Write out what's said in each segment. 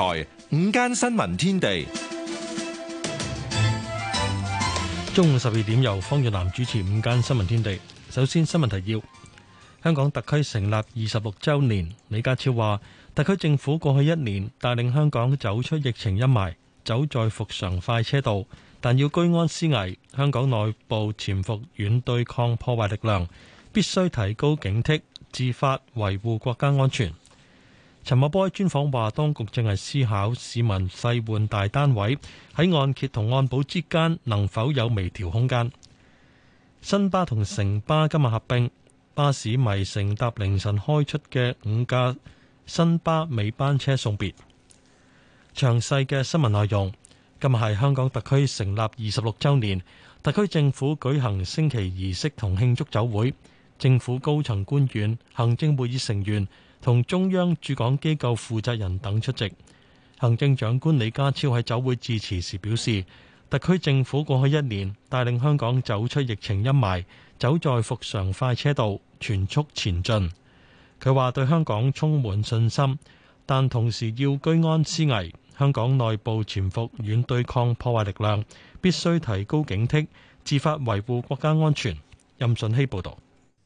台午間新聞天地，中午十二點由方俊南主持《午間新聞天地》。首先新聞提要：香港特區成立二十六周年，李家超話，特區政府過去一年帶領香港走出疫情陰霾，走在復常快車道，但要居安思危，香港內部潛伏軟對抗破壞力量，必須提高警惕，自發維護國家安全。陳茂波喺專訪話：當局正係思考市民細換大單位喺按揭同按保之間能否有微調空間。新巴同城巴今日合併，巴士迷乘搭凌晨開出嘅五架新巴尾班車送別。詳細嘅新聞內容，今日係香港特區成立二十六週年，特區政府舉行升旗儀式同慶祝酒會，政府高層官員、行政會議成員。同中央駐港機構負責人等出席。行政長官李家超喺酒會致辭時表示，特區政府過去一年帶領香港走出疫情陰霾，走在復常快車道，全速前進。佢話對香港充滿信心，但同時要居安思危，香港內部潛伏軟對抗破壞力量，必須提高警惕，自發維護國家安全。任順希報道。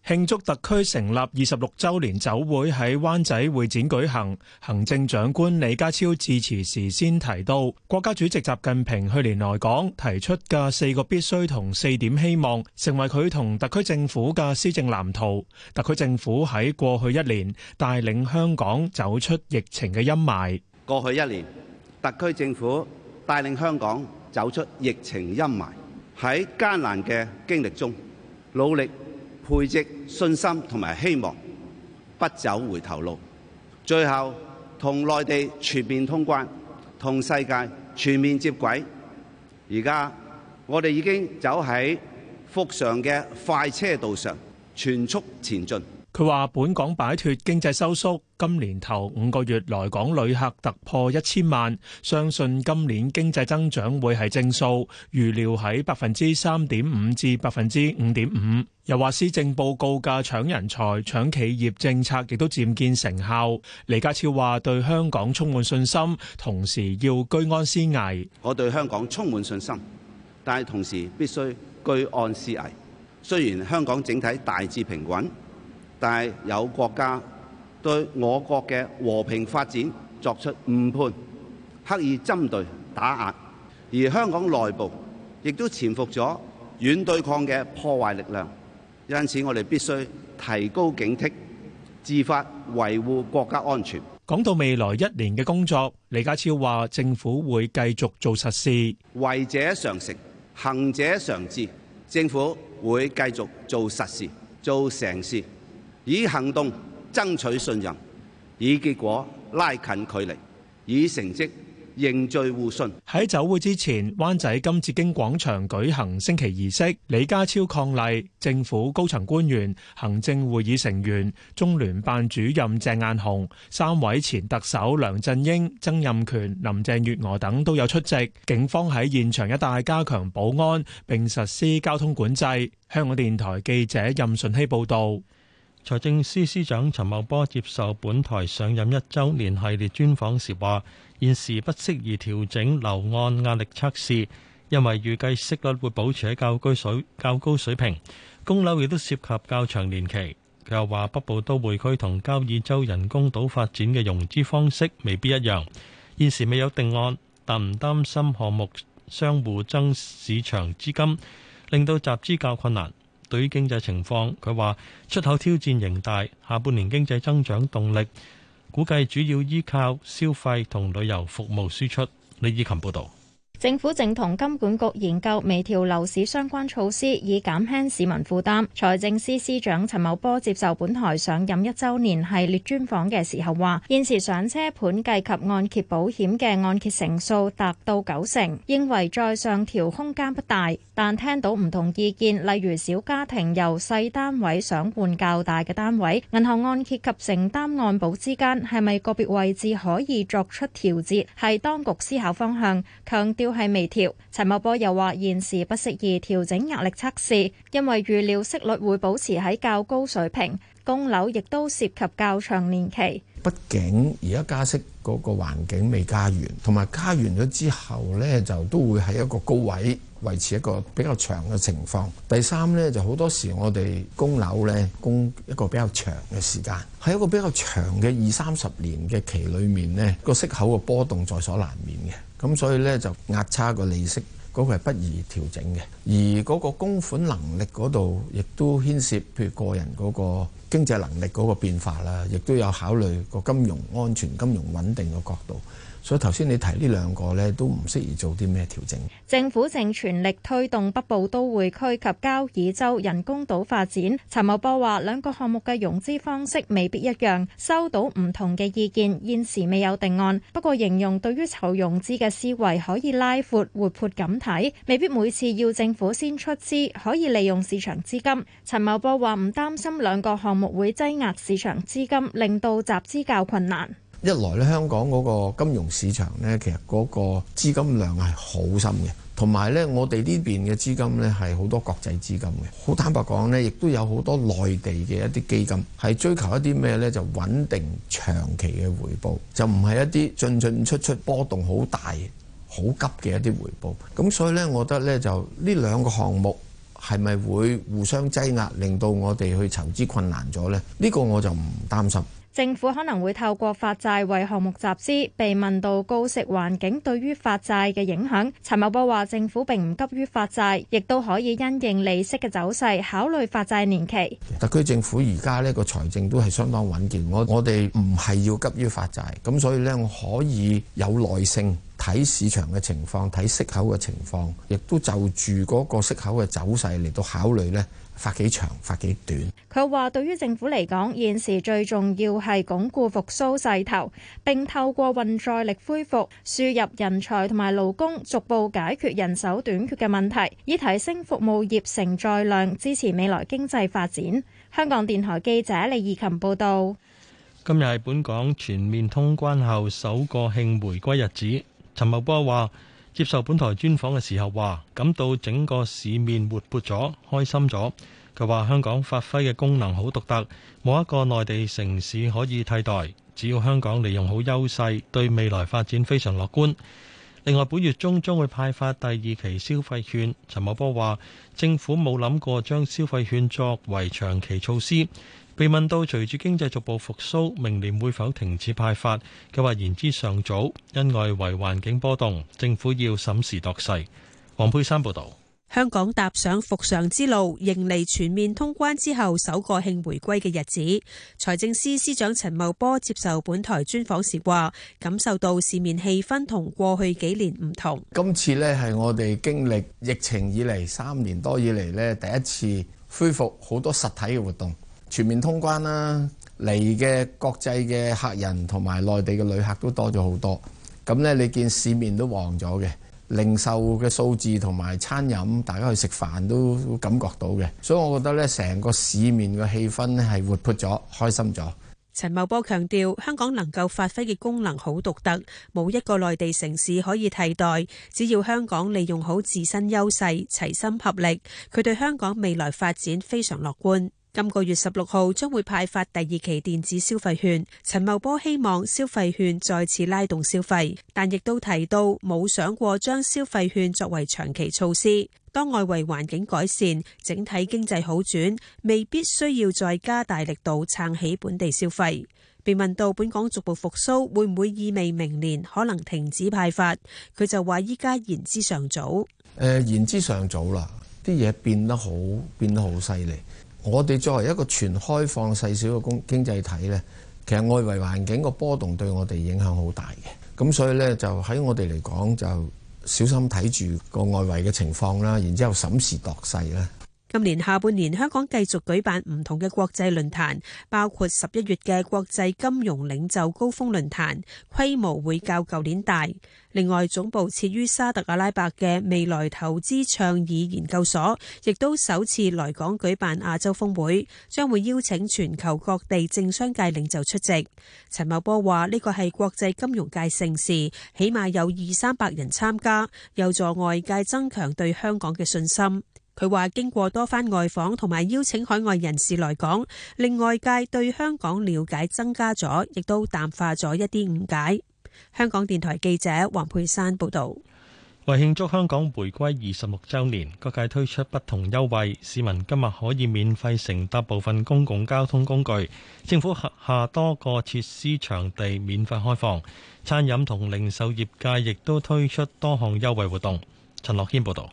慶祝特區成立二十六周年酒會喺灣仔會展舉行，行政長官李家超致辭時先提到，國家主席習近平去年來港提出嘅四個必須同四點希望，成為佢同特區政府嘅施政藍圖。特區政府喺過去一年帶領香港走出疫情嘅陰霾。過去一年，特區政府帶領香港走出疫情陰霾。喺艱難嘅經歷中，努力。培植信心同埋希望，不走回頭路。最後同內地全面通關，同世界全面接軌。而家我哋已經走喺復常嘅快車道上，全速前進。佢話：本港擺脱經濟收縮，今年頭五個月來港旅客突破一千萬，相信今年經濟增長會係正數，預料喺百分之三點五至百分之五點五。又話施政報告嘅搶人才、搶企業政策亦都漸見成效。李家超話對香港充滿信心，同時要居安思危。我對香港充滿信心，但係同時必須居安思危。雖然香港整體大致平穩。但係有國家對我國嘅和平發展作出誤判，刻意針對打壓，而香港內部亦都潛伏咗遠對抗嘅破壞力量，因此我哋必須提高警惕，自發維護國家安全。講到未來一年嘅工作，李家超話：政府會繼續做實事，為者常成，行者常至。政府會繼續做實事，做成事。以行動爭取信任，以結果拉近距離，以成績凝聚互信。喺酒會之前，灣仔金紫荊廣場舉行升旗儀式。李家超伉儷，政府高層官員、行政會議成員、中聯辦主任鄭雁雄、三位前特首梁振英、曾蔭權、林鄭月娥等都有出席。警方喺現場一帶加強保安，並實施交通管制。香港電台記者任順希報導。財政司司長陳茂波接受本台上任一週年系列專訪時話：現時不適宜調整樓按壓力測試，因為預計息率會保持喺較高水較高水平。供樓亦都涉及較長年期。佢又話：北部都會區同交椅洲人工島發展嘅融資方式未必一樣。現時未有定案，但唔擔心項目相互爭市場資金，令到集資較困難。對於經濟情況，佢話出口挑戰仍大，下半年經濟增長動力，估計主要依靠消費同旅遊服務輸出。李以琴報導。政府正同金管局研究微調樓市相關措施，以減輕市民負擔。財政司司長陳茂波接受本台上任一周年系列專訪嘅時候話，現時上車盤計及按揭保險嘅按揭成數達到九成，認為再上調空間不大。但聽到唔同意見，例如小家庭由細單位想換較大嘅單位，銀行按揭及承擔按保之間，係咪個別位置可以作出調節，係當局思考方向。強調。係微調。陳茂波又話，現時不適宜調整壓力測試，因為預料息率會保持喺較高水平，供樓亦都涉及較長年期。畢竟而家加息嗰個環境未加完，同埋加完咗之後呢，就都會喺一個高位維持一個比較長嘅情況。第三呢，就好多時我哋供樓呢，供一個比較長嘅時間，喺一個比較長嘅二三十年嘅期裏面呢，個息口嘅波動在所難免嘅。咁所以呢，就壓差個利息嗰個係不宜調整嘅，而嗰個供款能力嗰度亦都牽涉譬如個人嗰個經濟能力嗰個變化啦，亦都有考慮個金融安全、金融穩定嘅角度。所以頭先你提呢兩個咧，都唔適宜做啲咩調整。政府正全力推動北部都會區及交椅洲人工島發展。陳茂波話：兩個項目嘅融資方式未必一樣，收到唔同嘅意見，現時未有定案。不過形容對於籌融資嘅思維可以拉闊活潑咁睇，未必每次要政府先出資，可以利用市場資金。陳茂波話：唔擔心兩個項目會擠壓市場資金，令到集資較困難。一來咧，香港嗰個金融市場呢，其實嗰個資金量係好深嘅，同埋呢，我哋呢邊嘅資金呢，係好多國際資金嘅。好坦白講呢，亦都有好多內地嘅一啲基金係追求一啲咩呢？就穩定長期嘅回報，就唔係一啲進進出出波動好大、好急嘅一啲回報。咁所以呢，我覺得呢，就呢兩個項目係咪會互相擠壓，令到我哋去籌資困難咗呢？呢個我就唔擔心。政府可能會透過發債為項目集資，被問到高息環境對於發債嘅影響，陳茂波話：政府並唔急於發債，亦都可以因應利息嘅走勢考慮發債年期。特區政府而家呢個財政都係相當穩健，我我哋唔係要急於發債，咁所以呢，我可以有耐性。睇市場嘅情況，睇息口嘅情況，亦都就住嗰個息口嘅走勢嚟到考慮咧，發幾長，發幾短。佢話對於政府嚟講，現時最重要係鞏固復甦勢頭，並透過運載力恢復輸入人才同埋勞工，逐步解決人手短缺嘅問題，以提升服務業承載量，支持未來經濟發展。香港電台記者李怡琴報道。今日係本港全面通關後首個慶回歸日子。陳茂波話，接受本台專訪嘅時候話感到整個市面活潑咗，開心咗。佢話香港發揮嘅功能好獨特，冇一個內地城市可以替代。只要香港利用好優勢，對未來發展非常樂觀。另外，本月中將會派發第二期消費券。陳茂波話政府冇諗過將消費券作為長期措施。被問到隨住經濟逐步復甦，明年會否停止派發？佢話言之尚早，因外圍環境波動，政府要審時度勢。黃佩珊報導，香港踏上復常之路，迎嚟全面通關之後首個慶回歸嘅日子。財政司司長陳茂波接受本台專訪時話：感受到市面氣氛同過去幾年唔同。今次呢係我哋經歷疫情以嚟三年多以嚟呢，第一次恢復好多實體嘅活動。全面通關啦，嚟嘅國際嘅客人同埋內地嘅旅客都多咗好多。咁咧，你見市面都旺咗嘅零售嘅數字同埋餐飲大家去食飯都感覺到嘅。所以，我覺得咧，成個市面嘅氣氛係活潑咗、開心咗。陳茂波強調香港能夠發揮嘅功能好獨特，冇一個內地城市可以替代。只要香港利用好自身優勢齊心合力，佢對香港未來發展非常樂觀。今個月十六號將會派發第二期電子消費券，陳茂波希望消費券再次拉動消費，但亦都提到冇想過將消費券作為長期措施。當外圍環境改善，整體經濟好轉，未必需要再加大力度撐起本地消費。被問到本港逐步復甦會唔會意味明年可能停止派發，佢就話依家言之尚早。呃，言之尚早啦，啲嘢變得好變得好犀利。我哋作為一個全開放細小嘅工經濟體呢，其實外圍環境個波動對我哋影響好大嘅，咁所以呢，就喺我哋嚟講，就小心睇住個外圍嘅情況啦，然之後審時度勢啦。今年下半年，香港繼續舉辦唔同嘅國際論壇，包括十一月嘅國際金融領袖高峰論壇，規模會較舊年大。另外，總部設於沙特阿拉伯嘅未來投資倡議研究所，亦都首次來港舉辦亞洲峰會，將會邀請全球各地政商界領袖出席。陳茂波話：呢個係國際金融界盛事，起碼有二三百人參加，有助外界增強對香港嘅信心。佢話經過多番外訪同埋邀請海外人士來港，令外界對香港了解增加咗，亦都淡化咗一啲誤解。香港電台記者黃佩珊報道。為慶祝香港回歸二十六周年，各界推出不同優惠，市民今日可以免費乘搭部分公共交通工具。政府轄下多個設施場地免費開放，餐飲同零售業界亦都推出多項優惠活動。陳樂謙報道。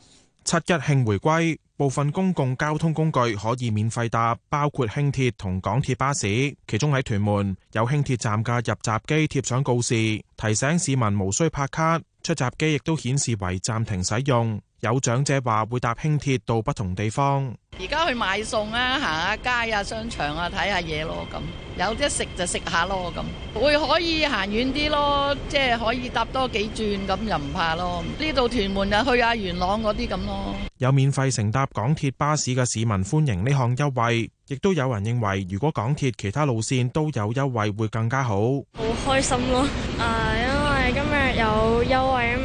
七一慶回歸，部分公共交通工具可以免費搭，包括輕鐵同港鐵巴士。其中喺屯門，有輕鐵站嘅入閘機貼上告示，提醒市民無需拍卡，出閘機亦都顯示為暫停使用。有長者話會搭輕鐵到不同地方，而家去買餸啊，行下街啊，商場啊，睇下嘢咯，咁，有啲食就食下咯、啊、咁，會可以行遠啲咯，即、就、係、是、可以搭多幾轉咁又唔怕咯、啊。呢度屯門就去下、啊、元朗嗰啲咁咯。有免費乘搭港鐵巴士嘅市民歡迎呢項優惠，亦都有人認為如果港鐵其他路線都有優惠會更加好。好開心咯，誒，因為今日有優惠。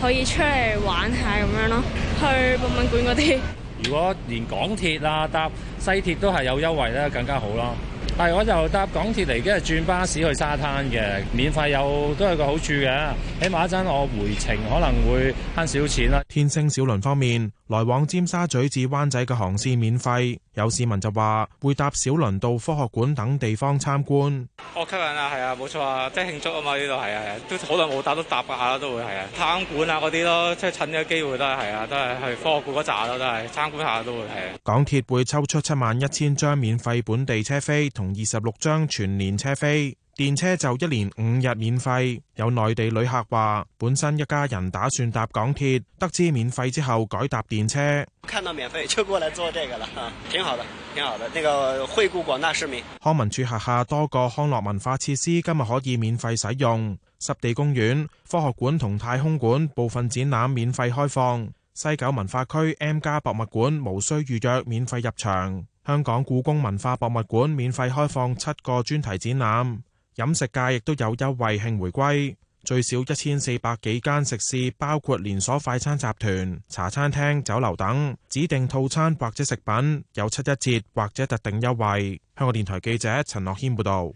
可以出嚟玩下咁樣咯，去博物館嗰啲。如果連港鐵啦、啊、搭西鐵都係有優惠咧，更加好咯。係，我就搭港鐵嚟，跟住轉巴士去沙灘嘅，免費有都係個好處嘅，起碼一陣我回程可能會慳少錢啦。天星小輪方面，來往尖沙咀至灣仔嘅航線免費。有市民就話會搭小輪到科學館等地方參觀。好吸引啊，係啊，冇錯啊，即係慶祝啊嘛，呢度係啊，都好耐冇搭都搭下啦，都，都會係啊，探館啊嗰啲咯，即係趁呢個機會都係啊，都係去科學館嗰扎咯，都係參觀下都會係。啊、港鐵會抽出七萬一千張免費本地車飛同，二十六張全年車飛，電車就一年五日免費。有內地旅客話，本身一家人打算搭港鐵，得知免費之後改搭電車。看到免費就過來坐這個了，挺好的，挺好的。那個惠顧廣大市民。康文署轄下多個康樂文化設施今日可以免費使用，濕地公園、科學館同太空館部分展覽免費開放。西九文化區 M+ 博物館無需預約，免費入場。香港故宮文化博物館免費開放七個專題展覽，飲食界亦都有優惠慶回歸，最少一千四百幾間食肆，包括連鎖快餐集團、茶餐廳、酒樓等，指定套餐或者食品有七一折或者特定優惠。香港電台記者陳樂謙報道。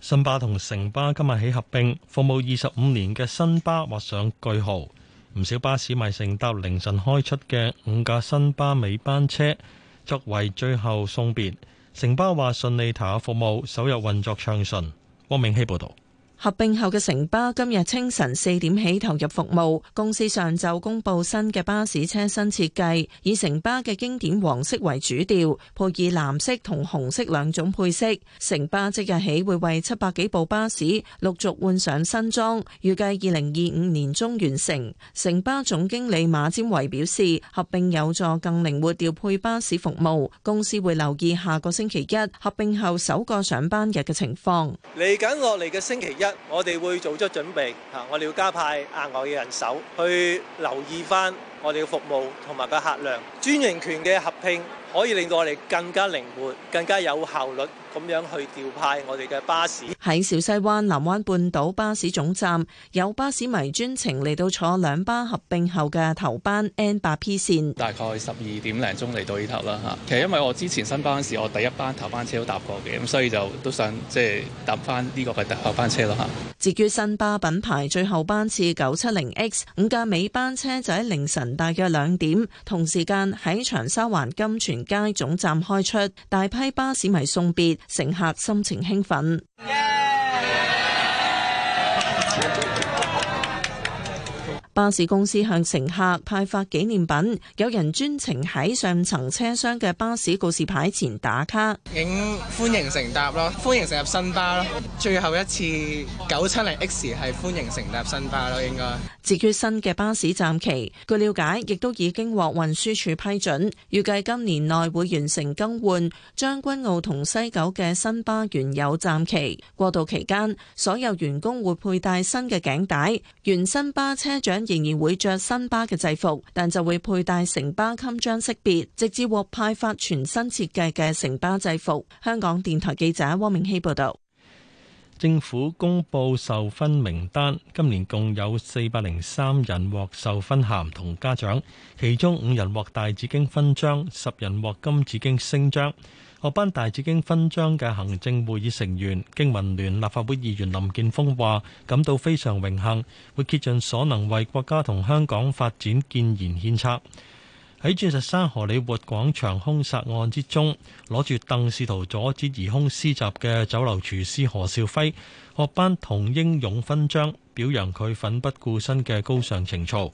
新巴同城巴今日起合併，服務二十五年嘅新巴劃上句號。唔少巴士迷乘搭凌晨開出嘅五架新巴尾班車。作為最後送別，城巴話順利停下服務，首日運作暢順，汪明希報道。合併後嘅城巴今日清晨四點起投入服務。公司上晝公布新嘅巴士車身設計，以城巴嘅經典黃色為主調，配以藍色同紅色兩種配色。城巴即日起會為七百幾部巴士陸續換上新裝，預計二零二五年中完成。城巴總經理馬占維表示，合併有助更靈活調配巴士服務。公司會留意下個星期一，合併後首個上班日嘅情況。嚟緊落嚟嘅星期一。我哋會做出準備嚇！我哋要加派額外嘅人手去留意翻。我哋嘅服務同埋個客量，專營權嘅合併可以令到我哋更加靈活、更加有效率咁樣去調派我哋嘅巴士。喺小西灣藍灣半島巴士總站，有巴士迷專程嚟到坐兩巴合併後嘅頭班 N 八 P 線。大概十二點零鐘嚟到呢頭啦嚇。其實因為我之前新巴士，我第一班頭班車都搭過嘅，咁所以就都想即係搭翻呢個嘅頭班車咯嚇。至於新巴品牌最後班次九七零 X 五架尾班車就喺凌晨。大約兩點，同時間喺長沙灣金泉街總站開出，大批巴士迷送別，乘客心情興奮。Yeah! 巴士公司向乘客派發紀念品，有人專程喺上層車廂嘅巴士告示牌前打卡。歡迎乘搭咯，歡迎乘搭新巴咯。最後一次九七零 X 係歡迎乘搭新巴咯，應該。自缺新嘅巴士站期，據了解亦都已經獲運輸署批准，預計今年內會完成更換將軍澳同西九嘅新巴原有站期。過渡期間，所有員工會佩戴新嘅頸帶，原新巴車長。仍然會着新巴嘅制服，但就會佩戴城巴襟章識別，直至獲派發全新設計嘅城巴制服。香港電台記者汪明熙報道。政府公布授勳名單，今年共有四百零三人獲授勳銜同嘉獎，其中五人獲大紫荊勳章，十人獲金紫荊星章。獲頒大紫荊勳章嘅行政會議成員、經民聯立法會議員林建峰話：感到非常榮幸，會竭盡所能為國家同香港發展建言獻策。喺鑽石山荷里活廣場凶殺案之中，攞住凳試圖阻止疑凶施襲嘅酒樓廚師何少輝，獲頒同英勇勳章，表揚佢奮不顧身嘅高尚情操。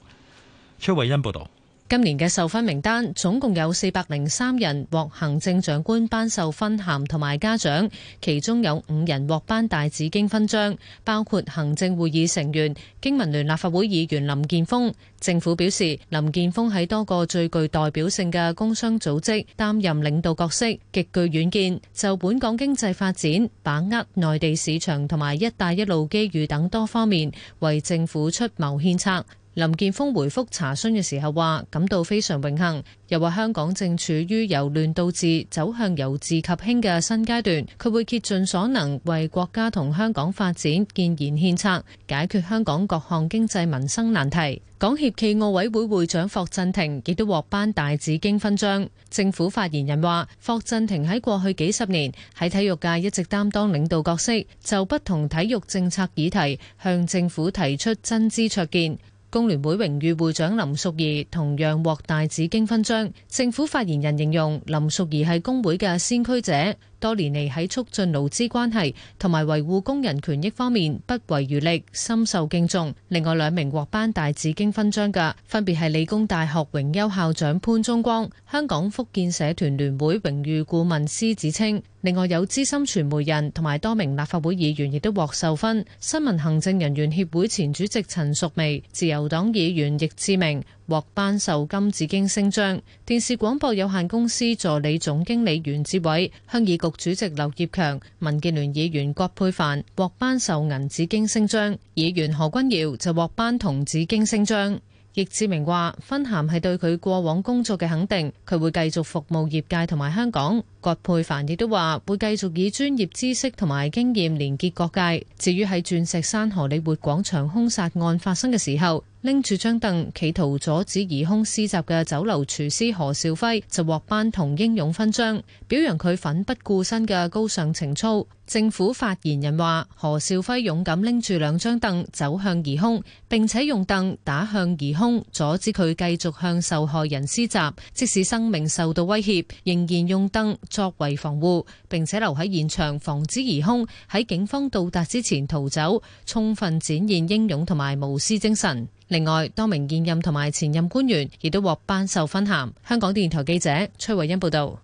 崔偉恩報道。今年嘅授勳名單總共有四百零三人獲行政長官頒授勳銜同埋嘉獎，其中有五人獲頒大紫荊勳章，包括行政會議成員、經民聯立法會議員林建峰。政府表示，林建峰喺多個最具代表性嘅工商組織擔任領導角色，極具遠見，就本港經濟發展、把握內地市場同埋一帶一路機遇等多方面為政府出謀獻策。林健鋒回覆查詢嘅時候話，感到非常榮幸，又話香港正處於由亂到治走向由治及興嘅新階段，佢會竭盡所能為國家同香港發展建言獻策，解決香港各項經濟民生難題。港協暨奧委會會長霍震霆亦都獲頒大紫荊勳章。政府發言人話，霍震霆喺過去幾十年喺體育界一直擔當領導角色，就不同體育政策議題向政府提出真知灼見。工聯會榮譽會長林淑儀同樣獲大紫荊勳章。政府發言人形容林淑儀係工會嘅先驅者。多年嚟喺促進勞資關係同埋維護工人權益方面不遺餘力，深受敬重。另外兩名獲頒大紫荊勳章嘅分別係理工大學榮休校長潘宗光、香港福建社團聯會榮譽顧問施子清。另外有資深傳媒人同埋多名立法會議員亦都獲授勳，新聞行政人員協會前主席陳淑薇、自由黨議員易志明。獲頒授金紫荊星章，電視廣播有限公司助理總經理袁志偉、鄉議局主席劉業強、民建聯議員葛珮帆獲頒授銀紫荊星章，議員何君堯就獲頒銅紫荊星章。易志明話：分咸係對佢過往工作嘅肯定，佢會繼續服務業界同埋香港。葛珮帆亦都話會繼續以專業知識同埋經驗連結各界。至於喺鑽石山荷里活廣場兇殺案發生嘅時候。拎住張凳，企圖阻止疑兇施襲嘅酒樓廚師何少輝就獲頒同英勇勳章，表揚佢奮不顧身嘅高尚情操。政府發言人話：何少輝勇敢拎住兩張凳走向疑兇，並且用凳打向疑兇，阻止佢繼續向受害人施襲，即使生命受到威脅，仍然用凳作為防護，並且留喺現場防止疑兇喺警方到達之前逃走，充分展現英勇同埋無私精神。另外，多名現任同埋前任官員亦都獲頒授勳銜。香港電台記者崔慧欣報導。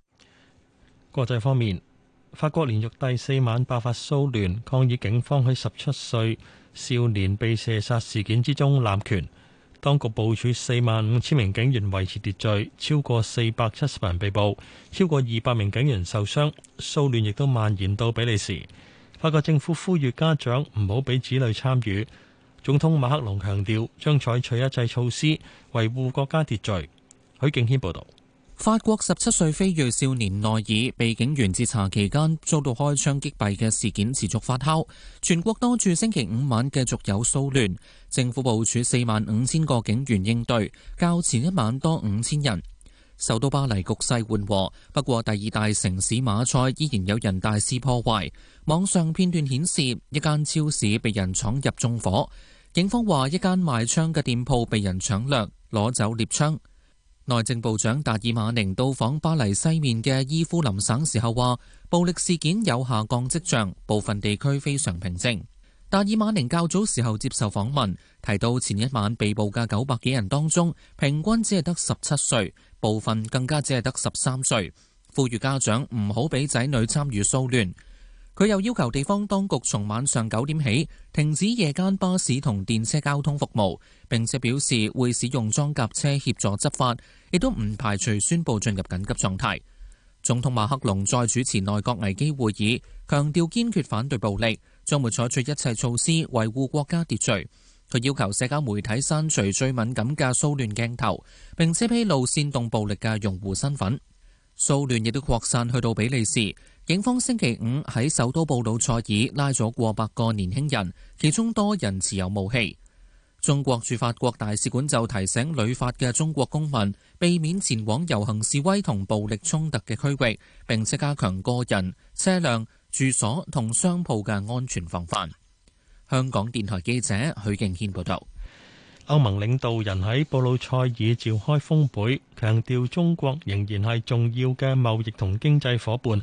國際方面，法國連續第四晚爆發騷亂，抗議警方喺十七歲少年被射殺事件之中濫權。當局部署四萬五千名警員維持秩序，超過四百七十萬人被捕，超過二百名警員受傷。騷亂亦都蔓延到比利時。法國政府呼籲家長唔好俾子女參與。總統馬克龍強調將採取一切措施維護國家秩序。許敬軒報道：法國十七歲非裔少年內爾被警員截查期間遭到開槍擊斃嘅事件持續發酵，全國多處星期五晚繼續有騷亂。政府部署四萬五千個警員應對，較前一晚多五千人。首都巴黎局勢緩和，不過第二大城市馬賽依然有人大肆破壞。網上片段顯示一間超市被人闖入縱火。警方話一間賣槍嘅店鋪被人搶掠，攞走獵槍。內政部長達爾馬寧到訪巴黎西面嘅伊夫林省時候話，暴力事件有下降跡象，部分地區非常平靜。達爾馬寧較早時候接受訪問，提到前一晚被捕嘅九百幾人當中，平均只係得十七歲，部分更加只係得十三歲，呼籲家長唔好俾仔女參與騷亂。佢又要求地方當局從晚上九點起停止夜間巴士同電車交通服務，並且表示會使用裝甲車協助執法，亦都唔排除宣布進入緊急狀態。總統馬克龍再主持內閣危機會議，強調堅決反對暴力，將會採取一切措施維護國家秩序。佢要求社交媒體刪除最敏感嘅騷亂鏡頭，並且披露煽動暴力嘅用戶身份。騷亂亦都擴散去到比利時。警方星期五喺首都布魯塞爾拉咗過百個年輕人，其中多人持有武器。中國駐法國大使館就提醒旅法嘅中國公民，避免前往遊行示威同暴力衝突嘅區域，並且加強個人、車輛、住所同商鋪嘅安全防範。香港電台記者許敬軒報道：歐盟領導人喺布魯塞爾召開峰會，強調中國仍然係重要嘅貿易同經濟伙伴。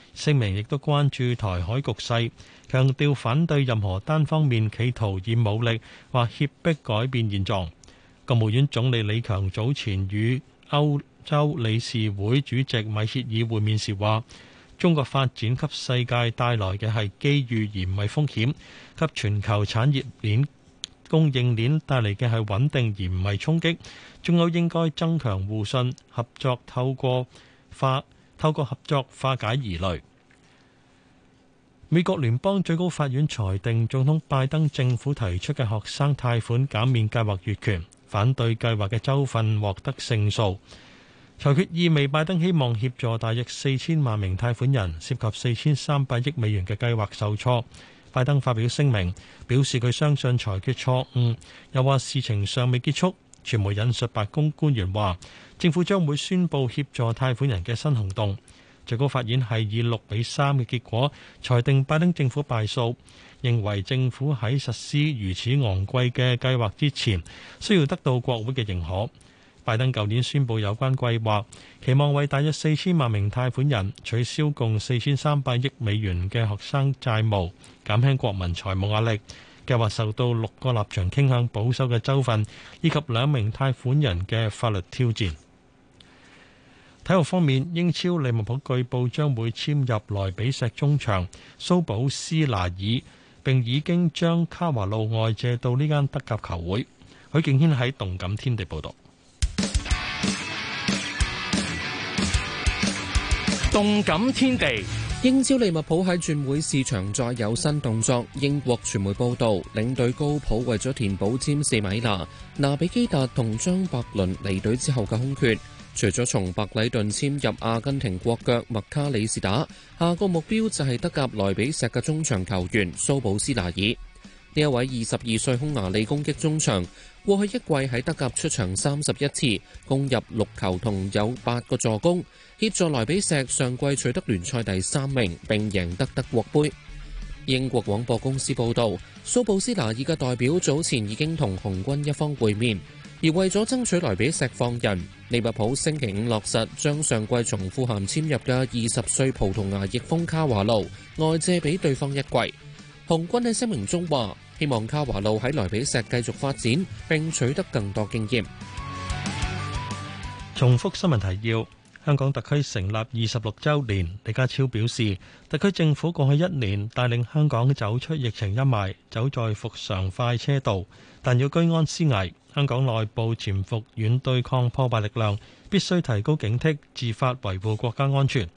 聲明亦都關注台海局勢，強調反對任何單方面企圖以武力或脅迫改變現狀。國務院總理李強早前與歐洲理事會主席米歇爾會面時話：中國發展給世界帶來嘅係機遇而唔係風險，給全球產業鏈、供應鏈帶嚟嘅係穩定而唔係衝擊。中歐應該增強互信合作，透過法。透過合作化解疑慮。美國聯邦最高法院裁定總統拜登政府提出嘅學生貸款減免計劃越權，反對計劃嘅州份獲得勝訴。裁決意味拜登希望協助大約四千萬名貸款人涉及四千三百億美元嘅計劃受挫。拜登發表聲明表示佢相信裁決錯誤，又話事情尚未結束。傳媒引述白宮官員話：政府將會宣布協助貸款人嘅新行動。最高法院係以六比三嘅結果裁定拜登政府敗訴，認為政府喺實施如此昂貴嘅計劃之前，需要得到國會嘅認可。拜登舊年宣布有關計劃，期望為大約四千萬名貸款人取消共四千三百億美元嘅學生債務，減輕國民財務壓力。計劃受到六個立場傾向保守嘅州份，以及兩名貸款人嘅法律挑戰。體育方面，英超利物浦據報將會簽入萊比錫中場蘇保斯拿爾，並已經將卡華路外借到呢間德甲球會。許敬軒喺動感天地報道。動感天地，英超利物浦喺轉會市場再有新動作。英國傳媒報道，領隊高普為咗填補占士米拿、拿比基達同張伯倫離隊之後嘅空缺。除咗從白禮頓簽入阿根廷國腳麥卡里斯打，下個目標就係德甲萊比錫嘅中場球員蘇布斯拿爾。呢一位二十二歲匈牙利攻擊中場，過去一季喺德甲出場三十一次，攻入六球同有八個助攻，協助萊比錫上季取得聯賽第三名，並贏得德國盃。英國廣播公司報道，蘇布斯拿爾嘅代表早前已經同紅軍一方會面。而為咗爭取萊比錫放人，利物浦星期五落實將上季從富咸簽入嘅二十歲葡萄牙翼鋒卡華路外借俾對方一季。紅軍喺聲明中話：希望卡華路喺萊比錫繼續發展並取得更多經驗。重複新聞提要。香港特區成立二十六週年，李家超表示，特區政府過去一年帶領香港走出疫情陰霾，走在復常快車道，但要居安思危，香港內部潛伏軟對抗破壞力量，必須提高警惕，自發維護國家安全。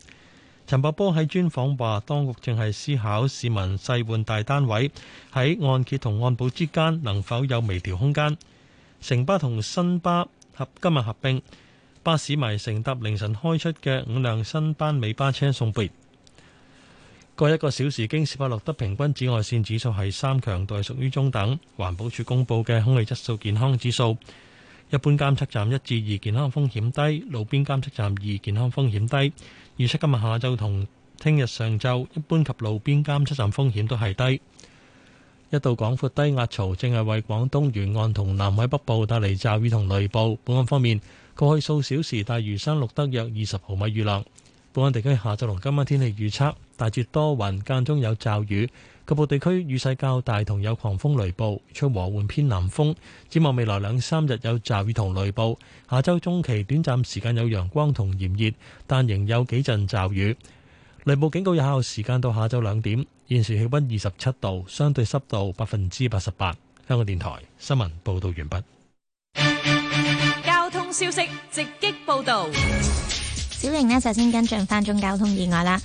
陳茂波喺專訪話，當局正係思考市民細換大單位喺按揭同按保之間能否有微調空間。城巴同新巴合今日合併。巴士迷乘，乘搭凌晨開出嘅五輛新班尾班車送別。過一個小時，經京士柏錄得平均紫外線指數係三強度，屬於中等。環保署公布嘅空氣質素健康指數，一般監測站一至二健康風險低，路邊監測站二健康風險低。預測今日下晝同聽日上晝，一般及路邊監測站風險都係低。一道廣闊低壓槽正係為廣東沿岸同南海北部帶嚟驟雨同雷暴。本港方面。過去數小時，大嶼山錄得約二十毫米雨量。本港地區下晝同今晚天氣預測，大致多雲，間中有驟雨。局部地區雨勢較大，同有狂風雷暴，吹和緩偏南風。展望未來兩三日有驟雨同雷暴，下周中期短暫時間有陽光同炎熱，但仍有幾陣驟雨。雷暴警告有效時間到下晝兩點。現時氣温二十七度，相對濕度百分之八十八。香港電台新聞報道完畢。消息直擊報道，小玲咧首先跟進翻宗交通意外啦。